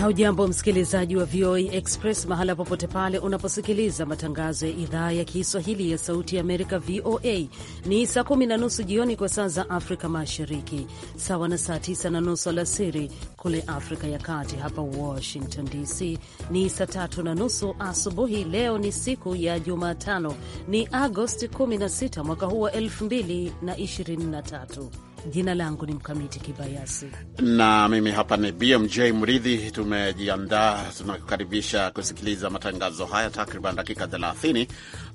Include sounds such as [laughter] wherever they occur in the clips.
Haujambo msikilizaji wa VOA Express mahala popote pale unaposikiliza matangazo ya idhaa ya Kiswahili ya Sauti ya Amerika, VOA. Ni saa kumi na nusu jioni kwa saa za Afrika Mashariki, sawa na saa tisa na nusu alasiri kule Afrika ya Kati. Hapa Washington DC ni saa tatu na nusu asubuhi. Leo ni siku ya Jumatano, ni Agosti 16 mwaka huu wa 223 Jina langu ni Mkamiti Kibayasi na mimi hapa ni BMJ Mridhi. Tumejiandaa, tunakaribisha kusikiliza matangazo haya takriban dakika 30,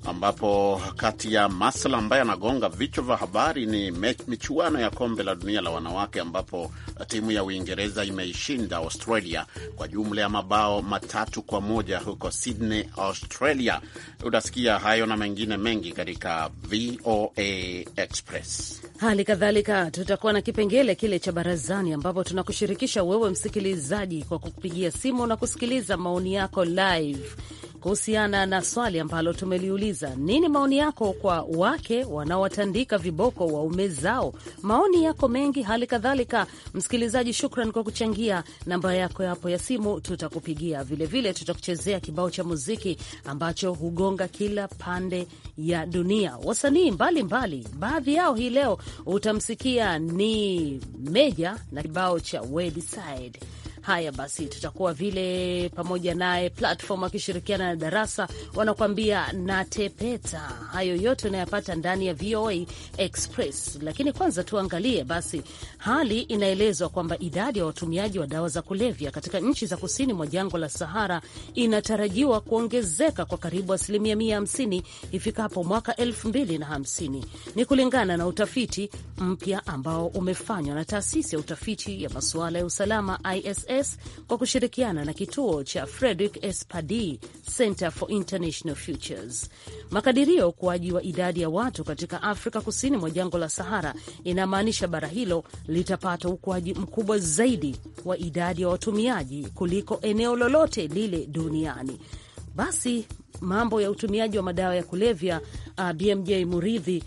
ambapo kati ya masala ambayo yanagonga vichwa vya habari ni michuano ya kombe la dunia la wanawake, ambapo timu ya Uingereza imeishinda Australia kwa jumla ya mabao matatu kwa moja huko Sydney, Australia. Utasikia hayo na mengine mengi katika VOA Express. Hali kadhalika tutakuwa na kipengele kile cha barazani, ambapo tunakushirikisha wewe msikilizaji kwa kupigia simu na kusikiliza maoni yako live kuhusiana na swali ambalo tumeliuliza, nini maoni yako kwa wake wanaowatandika viboko waume zao? Maoni yako mengi. Hali kadhalika, msikilizaji, shukran kwa kuchangia. Namba yako hapo ya simu tutakupigia vilevile, tutakuchezea kibao cha muziki ambacho hugonga kila pande ya dunia, wasanii mbalimbali. Baadhi yao hii leo utamsikia ni Meja na kibao cha Wedside. Haya basi, tutakuwa vile pamoja naye platform akishirikiana na darasa wanakuambia natepeta. Hayo yote unayapata ndani ya VOA Express, lakini kwanza tuangalie basi. Hali inaelezwa kwamba idadi ya watumiaji wa dawa za kulevya katika nchi za kusini mwa jangwa la Sahara inatarajiwa kuongezeka kwa karibu asilimia 150 ifikapo mwaka 2050 ni kulingana na utafiti mpya ambao umefanywa na taasisi ya utafiti ya masuala ya usalama ISS SOS kwa kushirikiana na kituo cha Frederick S. Pardee Center for International Futures. Makadirio ya ukuaji wa idadi ya watu katika Afrika kusini mwa jangwa la Sahara inamaanisha bara hilo litapata ukuaji mkubwa zaidi wa idadi ya watumiaji kuliko eneo lolote lile duniani. Basi mambo ya utumiaji wa madawa ya kulevya, uh, BMJ Muridhi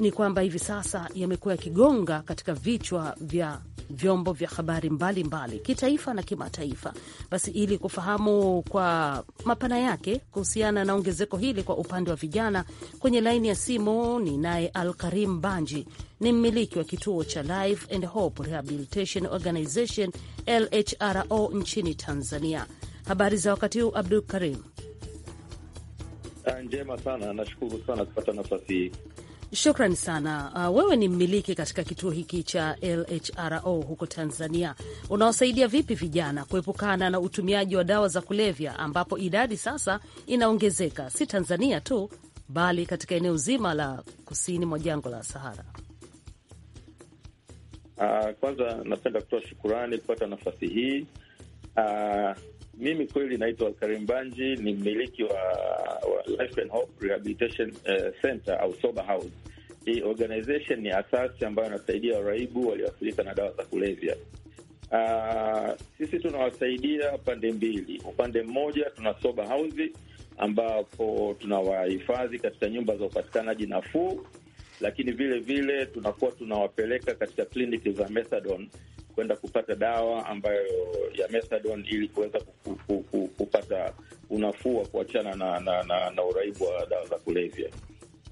ni kwamba hivi sasa yamekuwa yakigonga katika vichwa vya vyombo vya habari mbalimbali kitaifa na kimataifa. Basi ili kufahamu kwa mapana yake kuhusiana na ongezeko hili kwa upande wa vijana, kwenye laini ya simu ni naye Al Karim Banji, ni mmiliki wa kituo cha Life and Hope Rehabilitation Organization LHRO nchini Tanzania. Habari za wakati huu, Abdul Karim? Ah, njema sana, nashukuru sana kupata nafasi hii. Shukran sana. Uh, wewe ni mmiliki katika kituo hiki cha LHRO huko Tanzania, unawasaidia vipi vijana kuepukana na utumiaji wa dawa za kulevya, ambapo idadi sasa inaongezeka si Tanzania tu bali katika eneo zima la kusini mwa jangwa la Sahara? Uh, kwanza napenda kutoa shukurani kupata nafasi hii uh, mimi kweli naitwa Karim Banji, ni mmiliki wa, wa Life and Hope Rehabilitation eh, Center au Sober House. Hii organization ni asasi ambayo anasaidia waraibu walioathirika na dawa za kulevya. Uh, sisi tunawasaidia pande mbili. Upande mmoja tuna sober house ambapo tunawahifadhi katika nyumba za upatikanaji nafuu, lakini vile vile tunakuwa tunawapeleka katika kliniki za methadone kwenda kupata dawa ambayo ya methadone ili kuweza kupata unafuu wa kuachana na, na, na, na uraibu wa dawa za kulevya.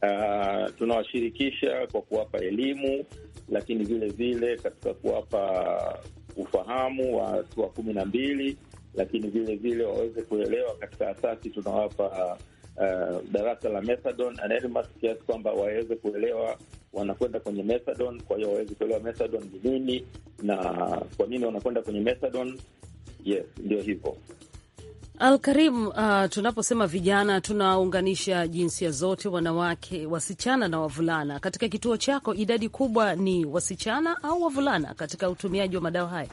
Uh, tunawashirikisha kwa kuwapa elimu, lakini vile vile katika kuwapa ufahamu wa hatua kumi na mbili, lakini vile vile waweze kuelewa katika asasi tunawapa uh, darasa la methadone anelmas kiasi kwamba waweze kuelewa wanakwenda kwenye methadone. Kwa hiyo wawezi kuelewa methadone ni nini na kwa nini wanakwenda kwenye methadone. Yes, ndio hivyo. Alkarim, uh, tunaposema vijana tunaunganisha jinsia zote, wanawake, wasichana na wavulana. Katika kituo chako idadi kubwa ni wasichana au wavulana katika utumiaji wa madawa haya?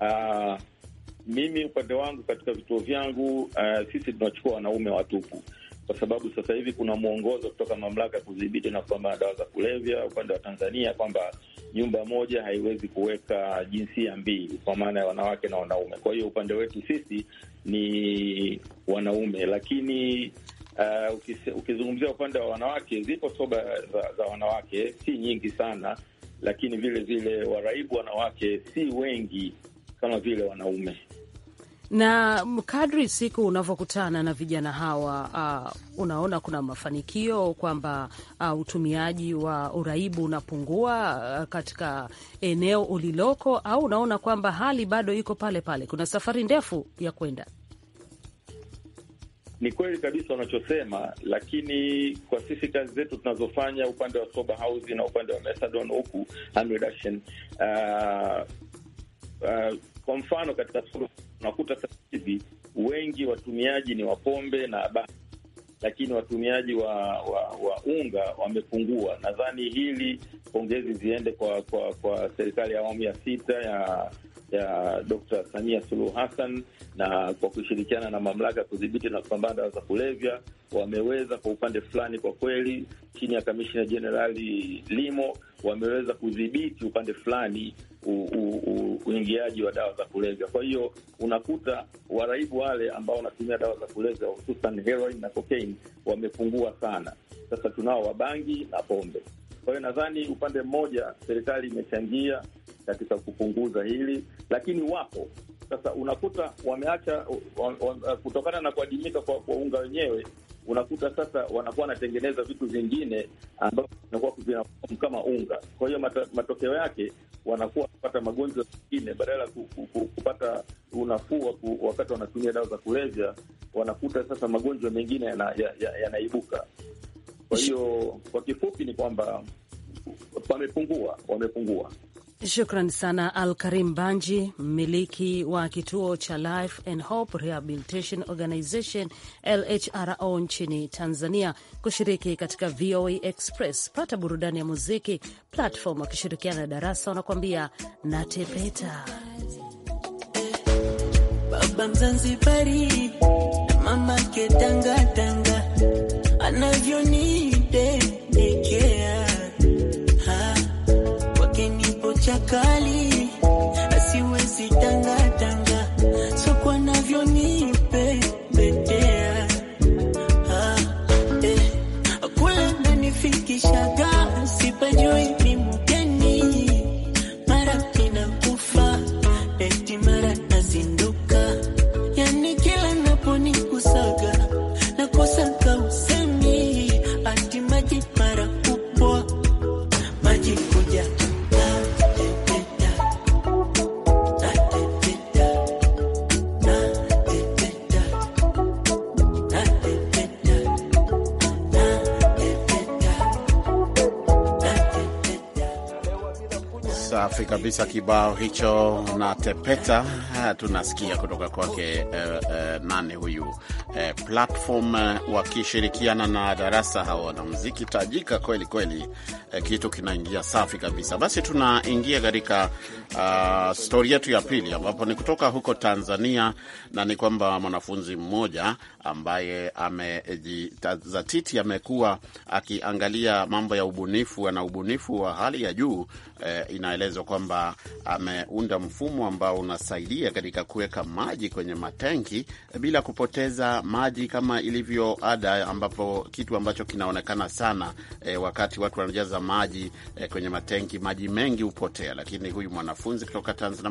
Uh, mimi upande wangu katika vituo vyangu, uh, sisi tunachukua wanaume watupu kwa sababu sasa hivi kuna mwongozo kutoka mamlaka ya kudhibiti na kupambana na dawa za kulevya upande wa Tanzania kwamba nyumba moja haiwezi kuweka jinsia mbili, kwa maana ya wanawake na wanaume. Kwa hiyo upande wetu sisi ni wanaume, lakini uh, ukizungumzia upande wa wanawake, zipo soba za, za wanawake si nyingi sana, lakini vile vile waraibu wanawake si wengi kama vile wanaume. Na kadri siku unavyokutana na vijana hawa uh, unaona kuna mafanikio kwamba uh, utumiaji wa uraibu unapungua uh, katika eneo uliloko, au unaona kwamba hali bado iko pale pale, kuna safari ndefu ya kwenda? Ni kweli kabisa unachosema, lakini kwa sisi kazi zetu tunazofanya upande wa sober housing na upande wa methadone huku harm reduction, uh, uh, kwa mfano katika unakuta sasa hivi wengi watumiaji ni wapombe na baa, lakini watumiaji wa, wa, wa unga wamepungua. Nadhani hili pongezi ziende kwa kwa, kwa serikali ya awamu ya sita ya ya Dr. Samia Suluhu Hassan na kwa kushirikiana na mamlaka ya kudhibiti na kupambana dawa za kulevya wameweza kwa upande fulani, kwa kweli, chini ya kamishina jenerali Limo wameweza kudhibiti upande fulani uingiaji wa dawa za kulevya. Kwa hiyo unakuta waraibu wale ambao wanatumia dawa za kulevya hususan heroin na cocaine wamepungua sana. Sasa tunao wabangi na pombe. Kwa hiyo nadhani upande mmoja serikali imechangia katika kupunguza hili, lakini wapo sasa unakuta wameacha wa, wa, kutokana na kuadimika kwa, kwa unga wenyewe unakuta sasa wanakuwa wanatengeneza vitu vingine ambavyo vinakuwa vinafahamu kama unga. Kwa hiyo matokeo yake wanakuwa wanapata magonjwa mengine, badala ya kupata unafuu wakati wanatumia dawa za kulevya, wanakuta sasa magonjwa mengine yanaibuka ya, ya, ya. Kwa hiyo kwa kifupi ni kwamba wamepungua, wamepungua Shukran sana Al Karim Banji, mmiliki wa kituo cha Life and Hope Rehabilitation Organization LHRO nchini Tanzania, kushiriki katika VOA e Express. Pata burudani ya muziki Platform wakishirikiana na Darasa wanakuambia natepeta. Baba Mzanzibari na mama ncha kali kabisa kibao hicho na tepeta tunasikia kutoka kwake uh, eh, uh, eh, nane huyu uh, platform uh, wakishirikiana na darasa hawa na tajika kweli kweli, Uh, kitu kinaingia safi kabisa. Basi tunaingia katika uh, ah, stori yetu ya pili ambapo ni kutoka huko Tanzania na ni kwamba mwanafunzi mmoja ambaye amejitazatiti amekuwa akiangalia mambo ya ubunifu na ubunifu wa hali ya juu. E, inaelezwa kwamba ameunda mfumo ambao unasaidia katika kuweka maji kwenye matenki bila kupoteza maji kama ilivyo ada, ambapo kitu ambacho kinaonekana sana e, wakati watu wanajaza maji e, kwenye matenki, maji mengi hupotea. Lakini huyu mwanafunzi kutoka Tanzania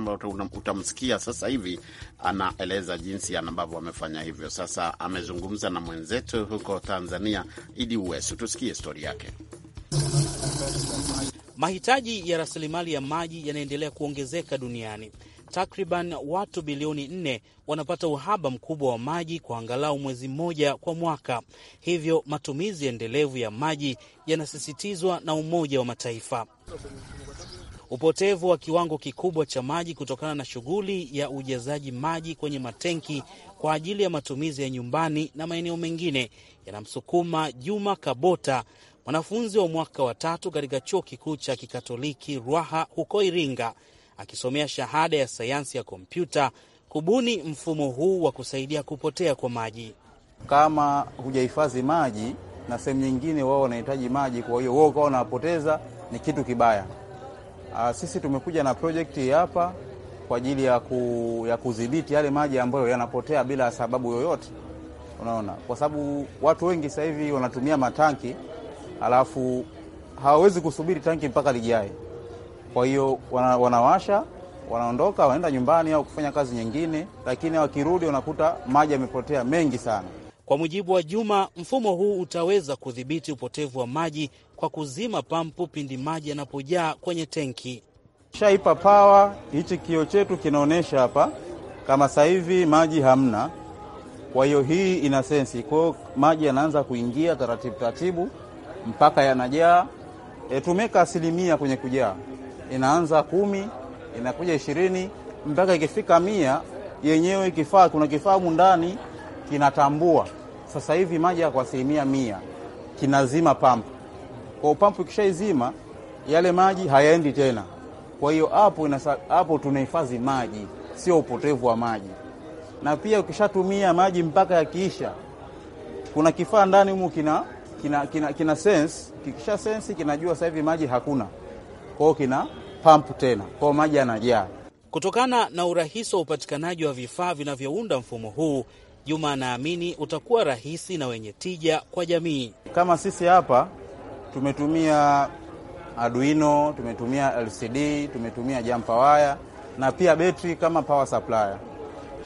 utamsikia sasa hivi anaeleza jinsi ambavyo amefanya hivyo sasa amezungumza na mwenzetu huko Tanzania, Idi Uwesu. Tusikie stori yake. Mahitaji ya rasilimali ya maji yanaendelea kuongezeka duniani. Takriban watu bilioni nne wanapata uhaba mkubwa wa maji kwa angalau mwezi mmoja kwa mwaka. Hivyo matumizi endelevu ya maji yanasisitizwa na Umoja wa Mataifa upotevu wa kiwango kikubwa cha maji kutokana na shughuli ya ujazaji maji kwenye matenki kwa ajili ya matumizi ya nyumbani na maeneo mengine yanamsukuma Juma Kabota, mwanafunzi wa mwaka wa tatu katika chuo kikuu cha kikatoliki Ruaha huko Iringa, akisomea shahada ya sayansi ya kompyuta, kubuni mfumo huu wa kusaidia kupotea kwa maji. Kama hujahifadhi maji na sehemu nyingine, wao wanahitaji maji, kwa hiyo wao ukawa wanapoteza, ni kitu kibaya. Ah, sisi tumekuja na projekti hapa kwa ajili ya, ku, ya kudhibiti yale maji ambayo yanapotea bila sababu yoyote, unaona, kwa sababu watu wengi sasa hivi wanatumia matanki alafu hawawezi kusubiri tanki mpaka lijae. Kwa hiyo wana, wanawasha wanaondoka wanaenda nyumbani au kufanya kazi nyingine, lakini wakirudi wanakuta maji yamepotea mengi sana. Kwa mujibu wa Juma, mfumo huu utaweza kudhibiti upotevu wa maji kwa kuzima pampu pindi maji yanapojaa kwenye tenki. Shaipa pawa, hichi kio chetu kinaonyesha hapa kama sasa hivi maji hamna. Kwa hiyo hii ina sensi, kwao, maji yanaanza kuingia taratibu taratibu mpaka yanajaa. E, tumeka asilimia kwenye kujaa, inaanza kumi, inakuja ishirini mpaka ikifika mia. Yenyewe kifaa kuna kifaa mundani kinatambua sasa hivi maji yako asilimia mia, kinazima pampu. Kwa pampu ikishaizima yale maji hayaendi tena. Kwa hiyo hapo hapo tunahifadhi maji, sio upotevu wa maji. Na pia ukishatumia maji mpaka yakiisha, kuna kifaa ndani humu kina kina, kina, kina sense. Kikisha sense kinajua sasa hivi maji hakuna, kwa hiyo kina pampu tena, kwa maji yanajaa. Kutokana na urahisi wa upatikanaji wa vifaa vinavyounda mfumo huu, Juma anaamini utakuwa rahisi na wenye tija kwa jamii. Kama sisi hapa tumetumia Arduino, tumetumia LCD, tumetumia jampa waya na pia betri kama power supply.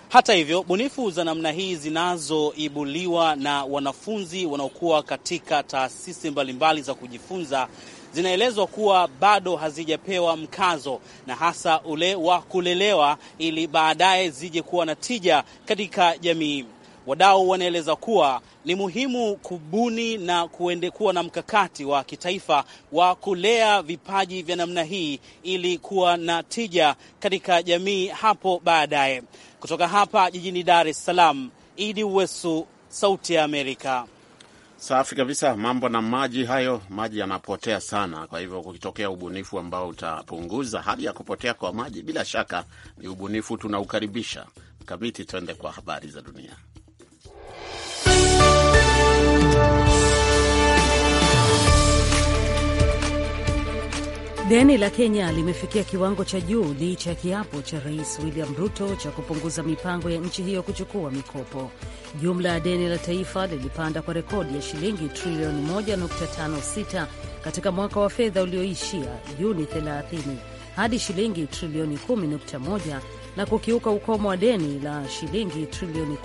Hata hivyo, bunifu za namna hii zinazoibuliwa na wanafunzi wanaokuwa katika taasisi mbalimbali za kujifunza zinaelezwa kuwa bado hazijapewa mkazo na hasa ule wa kulelewa ili baadaye zije kuwa na tija katika jamii. Wadau wanaeleza kuwa ni muhimu kubuni na kuende kuwa na mkakati wa kitaifa wa kulea vipaji vya namna hii ili kuwa na tija katika jamii hapo baadaye. Kutoka hapa jijini Dar es Salaam, Idi Wesu, Sauti ya Amerika. Safi kabisa. Mambo na maji hayo, maji yanapotea sana. Kwa hivyo kukitokea ubunifu ambao utapunguza hali ya kupotea kwa maji, bila shaka ni ubunifu tunaukaribisha. Kamiti, twende kwa habari za dunia. Deni la Kenya limefikia kiwango cha juu licha ya kiapo cha Rais William Ruto cha kupunguza mipango ya nchi hiyo kuchukua mikopo. Jumla ya deni la taifa lilipanda kwa rekodi ya shilingi trilioni 1.56 katika mwaka wa fedha ulioishia Juni 30 hadi shilingi trilioni 10.1 na kukiuka ukomo wa deni la shilingi trilioni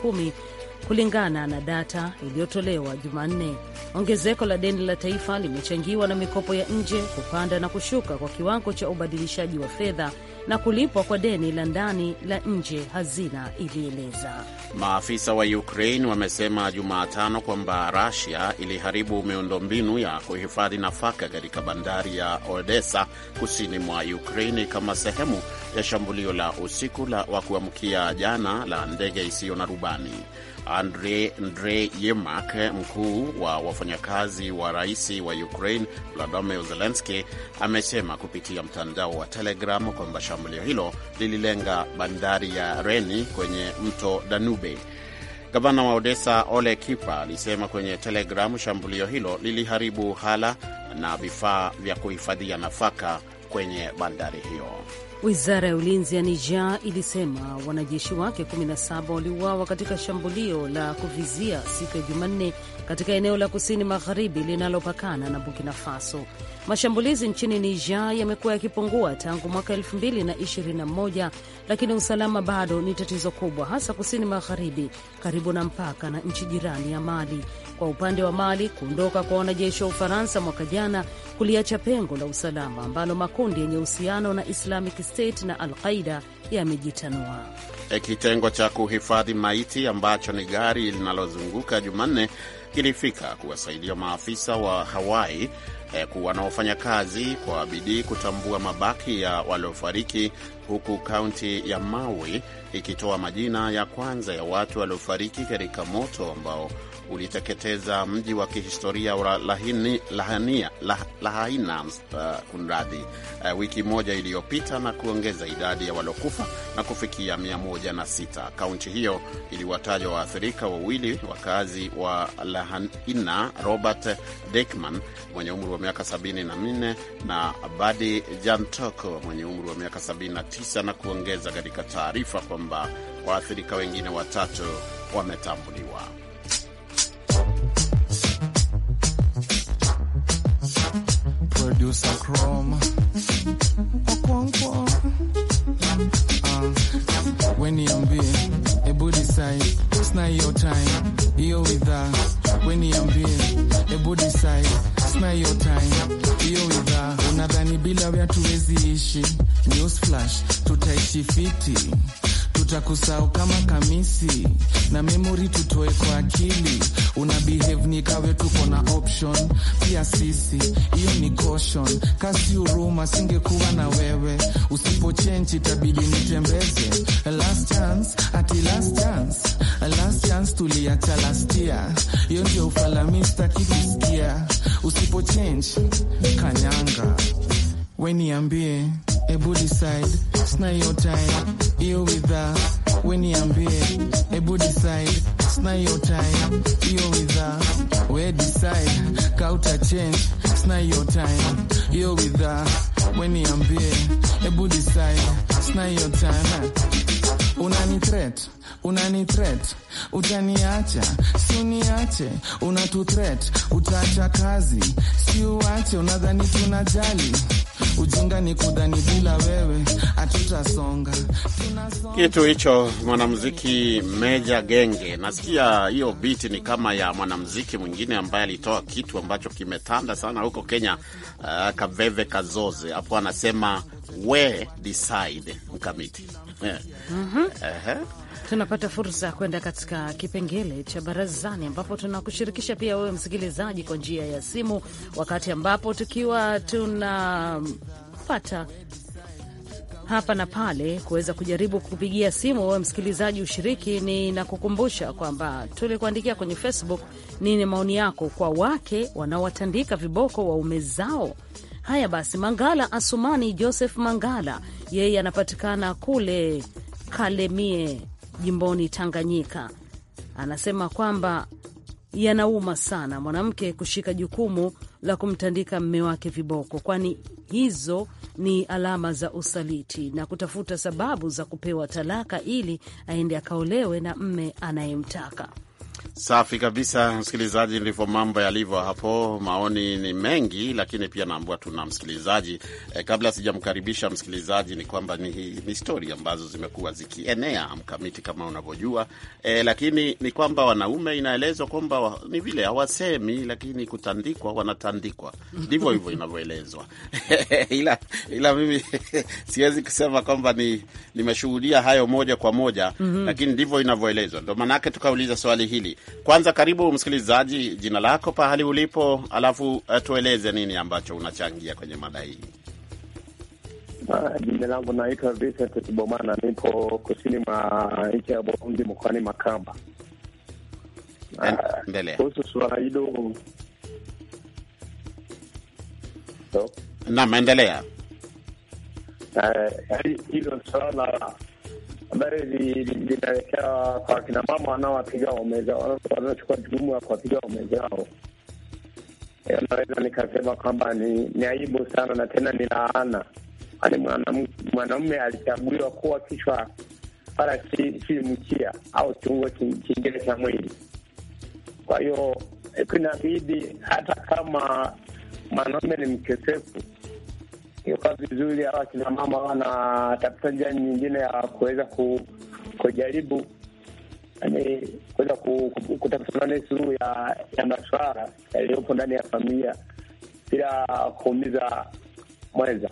kulingana na data iliyotolewa Jumanne. Ongezeko la deni la taifa limechangiwa na mikopo ya nje, kupanda na kushuka kwa kiwango cha ubadilishaji wa fedha na kulipwa kwa deni la ndani la nje, hazina ilieleza. Maafisa wa Ukraine wamesema Jumatano kwamba rasia iliharibu miundombinu ya kuhifadhi nafaka katika bandari ya Odessa kusini mwa Ukraine kama sehemu ya shambulio la usiku la wa kuamkia jana la ndege isiyo na rubani. Andre Ndre Yemak, mkuu wa wafanyakazi wa rais wa Ukraine Vladimir Zelenski, amesema kupitia mtandao wa Telegram kwamba shambulio hilo lililenga bandari ya Reni kwenye mto Danube. Gavana wa Odessa Ole Kipa alisema kwenye Telegram shambulio hilo liliharibu hala na vifaa vya kuhifadhia nafaka kwenye bandari hiyo. Wizara ya ulinzi ya Niger ilisema wanajeshi wake 17 waliuawa katika shambulio la kuvizia siku ya Jumanne katika eneo la kusini magharibi linalopakana na Burkina Faso. Mashambulizi nchini Niger yamekuwa yakipungua tangu mwaka 2021 lakini usalama bado ni tatizo kubwa, hasa kusini magharibi karibu na mpaka na nchi jirani ya Mali. Kwa upande wa Mali, kuondoka kwa wanajeshi wa Ufaransa mwaka jana kuliacha pengo la usalama ambalo makundi yenye uhusiano na Islamic State na Al-Qaida yamejitanua. E, kitengo cha kuhifadhi maiti ambacho ni gari linalozunguka Jumanne kilifika kuwasaidia maafisa wa Hawaii eh, wanaofanya kazi kwa bidii kutambua mabaki ya waliofariki, huku kaunti ya Maui ikitoa majina ya kwanza ya watu waliofariki katika moto ambao uliteketeza mji wa kihistoria wa Lahaina, Lahaina uh, kunradhi uh, wiki moja iliyopita na kuongeza idadi ya waliokufa na kufikia 106. Kaunti hiyo iliwataja waathirika wawili, wakazi wa Lahaina, Robert Dekman mwenye umri wa miaka 74 na Badi Jantoko mwenye umri wa miaka 79 na kuongeza katika taarifa kwamba waathirika wengine watatu wametambuliwa. producer Chrome. Uh, when you're a niambie, ebu it's not your time, you hiyo witha. When you're niambie, ebu decide, sina hiyo time, hiyo witha. Unadhani bila wewe tuwezi ishi? News flash, tutaishi fiti tutakusahau kama kamisi na memori tutoe kwa akili. Una behave ni kawe, tuko na option pia sisi, hiyo ni caution. Kasi huruma, singekuwa na wewe usipo change, itabidi nitembeze. Last chance ati last chance, last chance tuliacha last year. Hiyo ndio ufala mista kusikia usipo change. Kanyanga, weniambie ebu decide, side sina hiyo time hiyo widha we niambie a body side sina your time with widha we decide kauta change sina your time hiyo widha we niambie a body side sina your time unani threat, unanitret unanitret utaniacha siuniache threat, utaacha kazi siuache unadhani tunajali Ujinga ni kudhani bila wewe hatutasonga. Kitu hicho mwanamuziki Meja Genge, nasikia hiyo biti ni kama ya mwanamuziki mwingine ambaye alitoa kitu ambacho kimetanda sana huko Kenya, uh, Kaveve Kazoze hapo anasema we decide mkamiti. yeah. [laughs] mm -hmm. uh -huh tunapata fursa ya kwenda katika kipengele cha barazani, ambapo tunakushirikisha pia wewe msikilizaji kwa njia ya simu, wakati ambapo tukiwa tunapata hapa na pale kuweza kujaribu kupigia simu wewe msikilizaji ushiriki. Ni nakukumbusha kwamba tulikuandikia kwenye Facebook nini maoni yako kwa wake wanaowatandika viboko waume zao. Haya basi, Mangala Asumani Joseph Mangala, yeye anapatikana kule Kalemie jimboni Tanganyika. Anasema kwamba yanauma sana mwanamke kushika jukumu la kumtandika mme wake viboko, kwani hizo ni alama za usaliti na kutafuta sababu za kupewa talaka ili aende akaolewe na mme anayemtaka. Safi kabisa, msikilizaji. Ndivyo mambo yalivyo hapo. Maoni ni mengi, lakini pia naambua tuna msikilizaji e, kabla sijamkaribisha msikilizaji, ni kwamba ni, ni stori ambazo zimekuwa zikienea mkamiti kama unavyojua e, lakini ni kwamba wanaume inaelezwa kwamba ni vile hawasemi, lakini kutandikwa, wanatandikwa ndivyo hivyo inavyoelezwa [laughs] ila, ila mimi [laughs] siwezi kusema kwamba ni nimeshuhudia hayo moja kwa moja mm -hmm. Lakini ndivyo inavyoelezwa, ndo maanake tukauliza swali hili kwanza karibu msikilizaji, jina lako, pahali ulipo, alafu eh, tueleze nini ambacho unachangia kwenye mada hii. Ah, jina langu naitwa Vincent Kibomana, nipo kusini mwa nchi ya Burundi, mkoani Makamba. Ah, kuhusu suala hilo naam, endelea. Eh, hilo swala habari linaelekea kwa kina mama wanaowapiga waume zao, wanaochukua jukumu ya kuwapiga waume zao. E, naweza nikasema kwamba ni, ni aibu sana na tena ni laana. Ani mwanamume alichaguliwa kuwa kichwa wala si, si mkia au kiungo kingine cha mwili. Kwa hiyo inabidi hata kama mwanaume ni mkesefu ilikuwa vizuri, hawa kina mama wanatafuta njia nyingine ya kuweza kujaribu yani kuweza kutafuta nani suluhu ya, ya maswara yaliyopo ndani ya familia bila kuumiza mweza.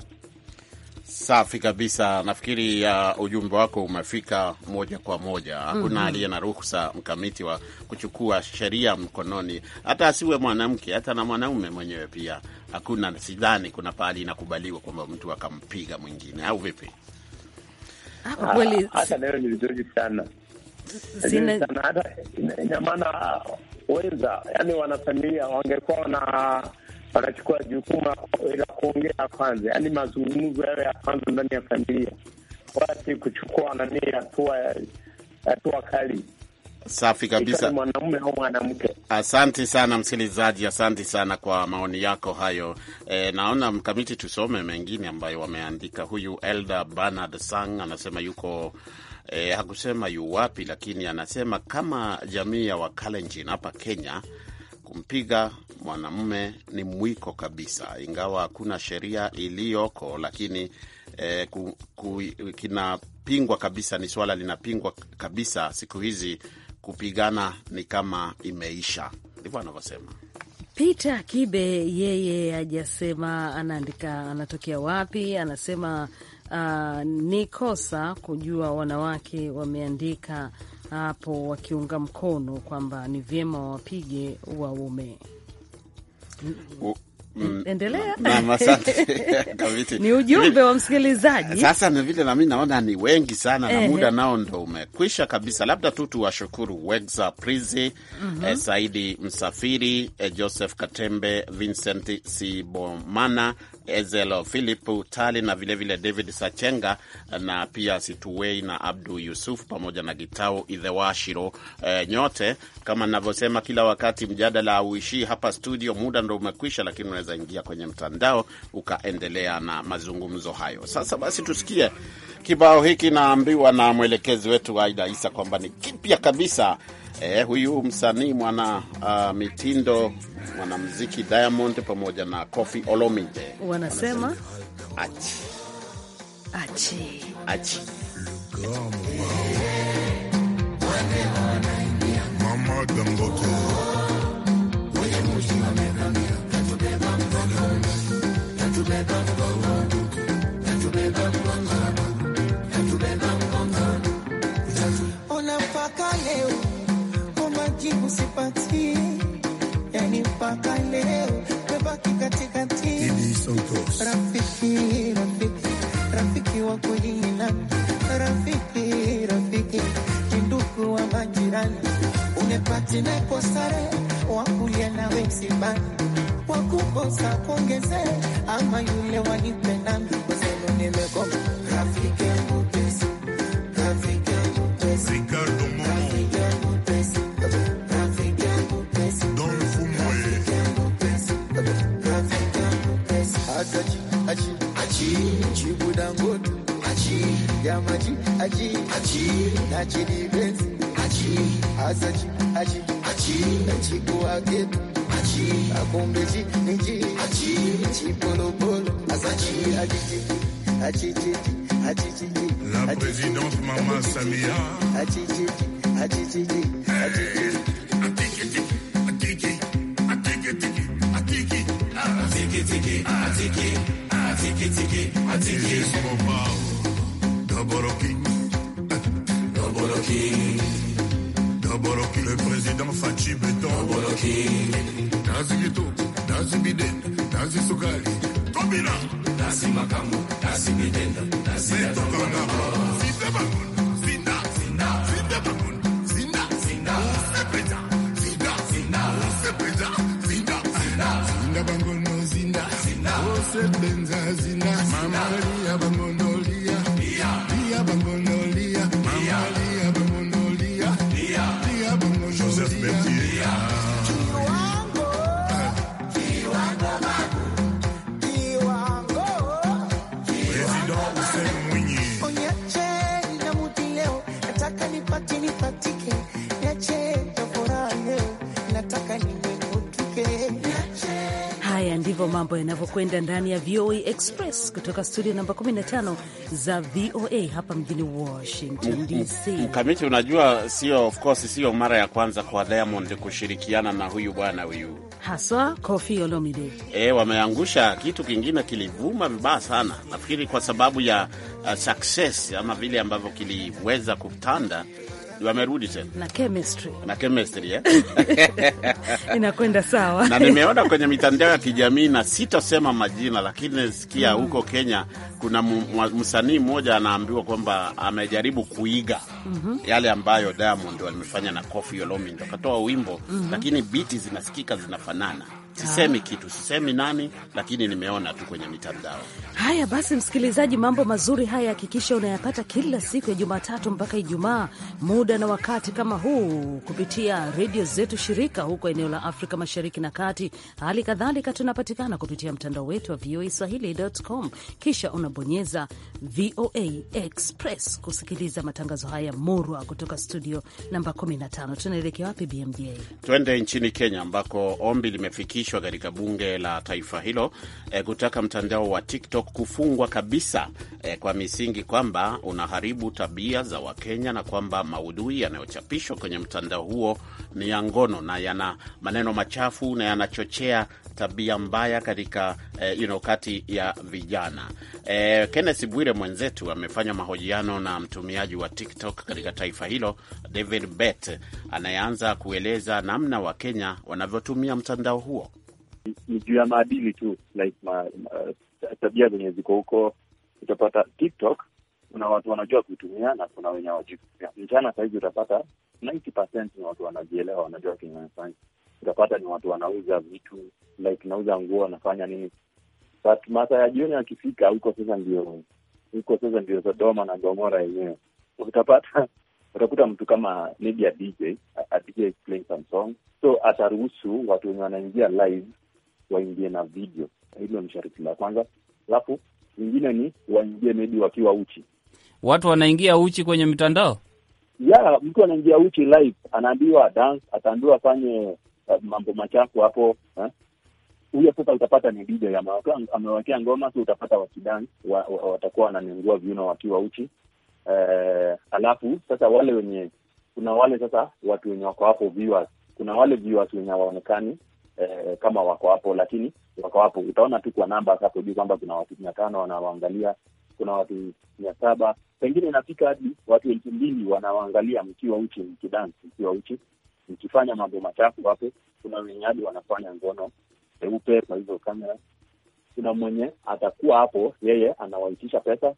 Safi kabisa, nafikiri uh, ujumbe wako umefika moja kwa moja. Hakuna mm -hmm. aliye na ruhusa mkamiti wa kuchukua sheria mkononi, hata asiwe mwanamke, hata na mwanaume mwenyewe pia hakuna. Sidhani kuna pahali inakubaliwa kwamba mtu akampiga mwingine, au vipi? Ah, ah, hata leo ni vizuri sana hata ina maana ah, wenza, yani wanafamilia wangekuwa na wanachukua jukumu la kuongea kwanza, yaani mazungumzo yayo ya kwanza ndani ya familia, wasi kuchukua nani hatua hatua kali. Safi kabisa, mwanaume au mwanamke. Asante sana msikilizaji, asante sana kwa maoni yako hayo. E, naona mkamiti, tusome mengine ambayo wameandika. Huyu Elda Bernard Sang anasema yuko e, hakusema yu wapi, lakini anasema kama jamii ya Wakalenjin hapa Kenya kumpiga mwanamume ni mwiko kabisa, ingawa hakuna sheria iliyoko, lakini eh, ku, ku, kinapingwa kabisa, ni swala linapingwa kabisa siku hizi. Kupigana ni kama imeisha, ndivyo anavyosema Peter Kibe. Yeye ajasema anaandika anatokea wapi, anasema uh, ni kosa kujua wanawake wameandika hapo wakiunga mkono kwamba ni vyema wawapige waume. Mm, endelea [laughs] ni ujumbe wa msikilizaji. Sasa ni vile nami naona ni wengi sana na muda nao ndo umekwisha kabisa, labda tu tuwashukuru Wegza Prizi, mm -hmm. eh, Saidi Msafiri, eh, Joseph Katembe, Vincent Sibomana Ezelo Philip Tali na vilevile vile David Sachenga na pia Situwei na Abdu Yusuf pamoja na Gitau Idhewashiro. E, nyote kama navyosema kila wakati, mjadala hauishii hapa studio, muda ndo umekwisha, lakini unaweza ingia kwenye mtandao ukaendelea na mazungumzo hayo. Sasa basi tusikie kibao hiki, naambiwa na mwelekezi wetu Aida Isa kwamba ni kipya kabisa. Eh, huyu msanii mwana uh, mitindo mwanamuziki Diamond pamoja na Koffi Olomide wanasema achi achi achi Mama La présidente Maman Samia King. Doboloki, le président Fachi Béton. Doboloki. Nazi Gito, Nazi Biden, Nazi Sogali. Kobina. Nazi Makamu, Nazi Biden, Nazi Beton. Sita Bakun, Sina, Sina, Sita Bakun, Sina, Sina, Sepeda, Sina, Sina, Sepeda, Sina, Sina, Sina Bangono, Sina, Sina, Sebenza, Sina. ndivyo mambo yanavyokwenda ndani ya VOA e Express kutoka studio namba 15 za VOA e hapa mjini Washington DC. Mkamiti, unajua sio, of course sio mara ya kwanza kwa Diamond kushirikiana na huyu bwana huyu haswa Koffi Olomide. E, wameangusha kitu kingine kilivuma vibaya sana, nafikiri kwa sababu ya uh, success ama vile ambavyo kiliweza kutanda wamerudi tena na chemistry na chemistry eh? [laughs] inakwenda sawa na nimeona kwenye mitandao ya kijamii, na sitosema majina, lakini sikia mm. huko Kenya kuna msanii mmoja anaambiwa kwamba amejaribu kuiga mm -hmm. yale ambayo Diamond alimefanya na Koffi Olomide, akatoa wimbo mm -hmm. lakini biti zinasikika zinafanana Sisemi kitu, sisemi nani, lakini nimeona tu kwenye mitandao. Haya basi, msikilizaji, mambo mazuri haya hakikisha unayapata kila siku ya Jumatatu mpaka Ijumaa, muda na wakati kama huu, kupitia redio zetu shirika huko eneo la Afrika Mashariki na Kati. Hali kadhalika tunapatikana kupitia mtandao wetu wa VOA Swahili.com, kisha unabonyeza VOA Express kusikiliza matangazo haya murwa kutoka studio namba 15. Tunaelekea wapi BMJ? Twende nchini Kenya ambako ombi limefikishwa imepitishwa katika bunge la taifa hilo e, kutaka mtandao wa TikTok kufungwa kabisa e, kwa misingi kwamba unaharibu tabia za Wakenya na kwamba maudhui yanayochapishwa kwenye mtandao huo ni ya ngono na yana maneno machafu na yanachochea tabia mbaya katika eh, you know, kati ya vijana eh, Kenneth Bwire mwenzetu amefanya mahojiano na mtumiaji wa TikTok katika taifa hilo David Bet anayeanza kueleza namna Wakenya wanavyotumia mtandao huo ni juu ya maadili tu like ma, ma, tabia zenye ziko huko. Utapata TikTok kuna watu wanajua kuitumia na kuna wenye hawajitumia. Mchana sahizi utapata 90% ni watu wanajielewa, wanajua kenye wanafanya. Utapata ni watu wanauza vitu like nauza nguo, wanafanya nini, but masa ya jioni akifika huko sasa ndio huko sasa ndio Sodoma na Gomora yenyewe. Utapata utakuta mtu kama maybe a DJ a, DJ playing some song, so ataruhusu watu wenye wanaingia live waingie na video. Hilo ni sharti la kwanza, alafu wingine ni waingie maybe wakiwa uchi. Watu wanaingia uchi kwenye mitandao ya mtu anaingia uchi live, anaambiwa dance, ataambiwa afanye uh, mambo machafu hapo eh? Huyo sasa utapata ni ya amewekea ngoma, si utapata wakidance wa, wa, watakuwa wananengua viuno wakiwa uchi eh, alafu sasa wale wenye kuna wale sasa watu wenye wako hapo viewers, kuna wale viewers wenye hawaonekani eh, kama wako hapo, lakini wako hapo. Utaona tu kwa namba hapo juu kwamba kuna watu mia tano wanawaangalia, kuna watu mia saba pengine inafika hadi watu elfu mbili wanawaangalia mkiwa uchi, mkidansi, mkiwa uchi, mkifanya mambo machafu hapo. Kuna wenye hadi wanafanya ngono peupe kwa hizo kamera. Kuna mwenye atakuwa hapo, yeye anawaitisha pesa,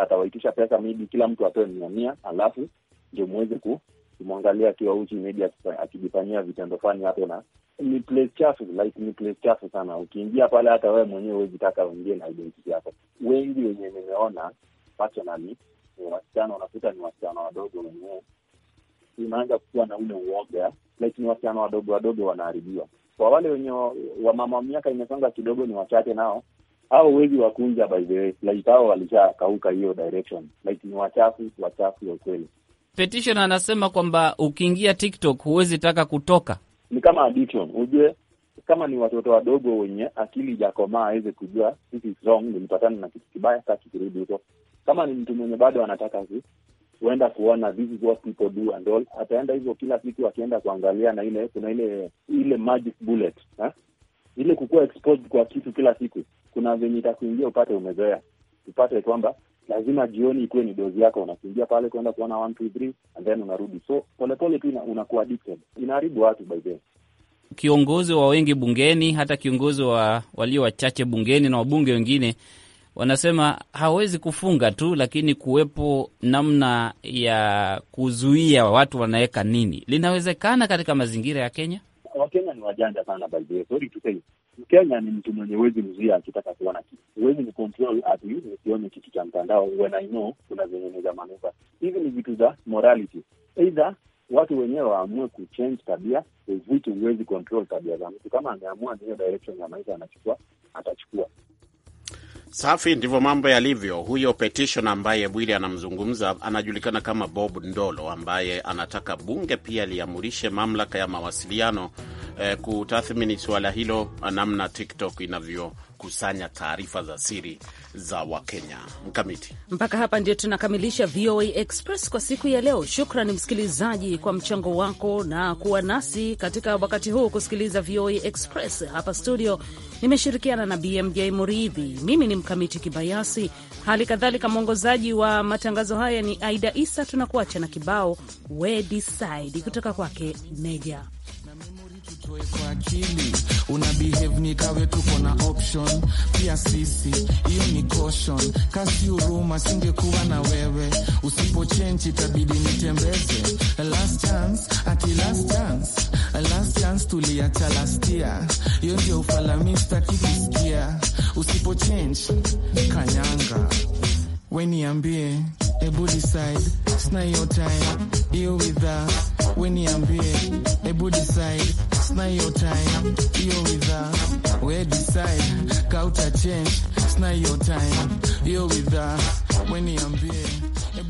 atawaitisha pesa, maybe kila mtu atoe mia mia, alafu ndio muweze ku Ukimwangalia akiwa uchi maybe akijifanyia vitendo fani hapo, na ni place chafu, like ni place chafu sana. Ukiingia pale, hata wewe mwenyewe huwezi taka uingie na identity yako. Wengi wenye nimeona personally ni wasichana, unakuta ni wasichana wadogo wenyewe unaanza kukuwa na ule uoga, ni wasichana wadogo wadogo wanaharibiwa. Kwa wale wenye wamama wa miaka imesonga kidogo, ni wachache nao, au wezi wakunja by the way, like hao walishakauka hiyo direction, like ni wachafu, wachafu wa kweli. Petition anasema kwamba ukiingia TikTok huwezi taka kutoka. Ni kama addiction, ujue kama ni watoto wadogo wenye akili ijakomaa aweze kujua this is wrong, nilipatana na kitu kibaya, sitaki kurudi huko. Kama ni mtu mwenye bado anataka huenda kuona this is what people do and all, ataenda hivyo kila siku akienda kuangalia, na ile kuna ile ile magic bullet ha? ile kukuwa exposed kwa kitu kila siku, kuna venye itakuingia upate umezoea, upate kwamba lazima jioni ikuwe ni dozi yako, unakimbia pale kuenda kuona one two three and then unarudi. So polepole tu unakuwa addicted, inaharibu watu by then. Kiongozi wa wengi bungeni, hata kiongozi wa walio wachache bungeni na wabunge wengine wanasema hawezi kufunga tu, lakini kuwepo namna ya kuzuia watu wanaweka nini. Linawezekana katika mazingira ya Kenya? Wakenya ni wajanja sana by the way, sorry to say Mkenya ni mtu mwenye wezi mzuia akitaka kuona kitu, huwezi mcontrol ati usione kitu cha mtandao, when I know kuna zenye ni za Hivi ni vitu za morality, either watu wenyewe waamue kuchange tabia. Vitu huwezi control tabia za mtu, kama ameamua ndiyo direction ya maisha anachukua, atachukua. Safi, ndivyo mambo yalivyo. Huyo petition ambaye Bwili anamzungumza anajulikana kama Bob Ndolo, ambaye anataka bunge pia liamurishe mamlaka ya mawasiliano eh, kutathmini suala hilo, namna TikTok inavyo kukusanya taarifa za siri za Wakenya. Mkamiti, mpaka hapa ndio tunakamilisha VOA Express kwa siku ya leo. Shukran msikilizaji kwa mchango wako na kuwa nasi katika wakati huu kusikiliza VOA Express. Hapa studio nimeshirikiana na BMJ Muridhi, mimi ni Mkamiti Kibayasi, hali kadhalika mwongozaji wa matangazo haya ni Aida Isa. Tunakuacha na kibao we decide kutoka kwake Meja kwa akili una behave nikawe tuko na option pia sisi, hiyo ni caution, kasi huruma, singekuwa na wewe usipochenji, itabidi nitembeze. Last chance ati last chance, last chance tuliacha last year, hiyo ndio ufalamista kikusikia, usipochenji kanyanga, we niambie, ebu decide, it's not your time, you with us we niambie, hebu decide, not hiyo time hiyo witha we decide kauta change, not hiyo time hiyo you we niambie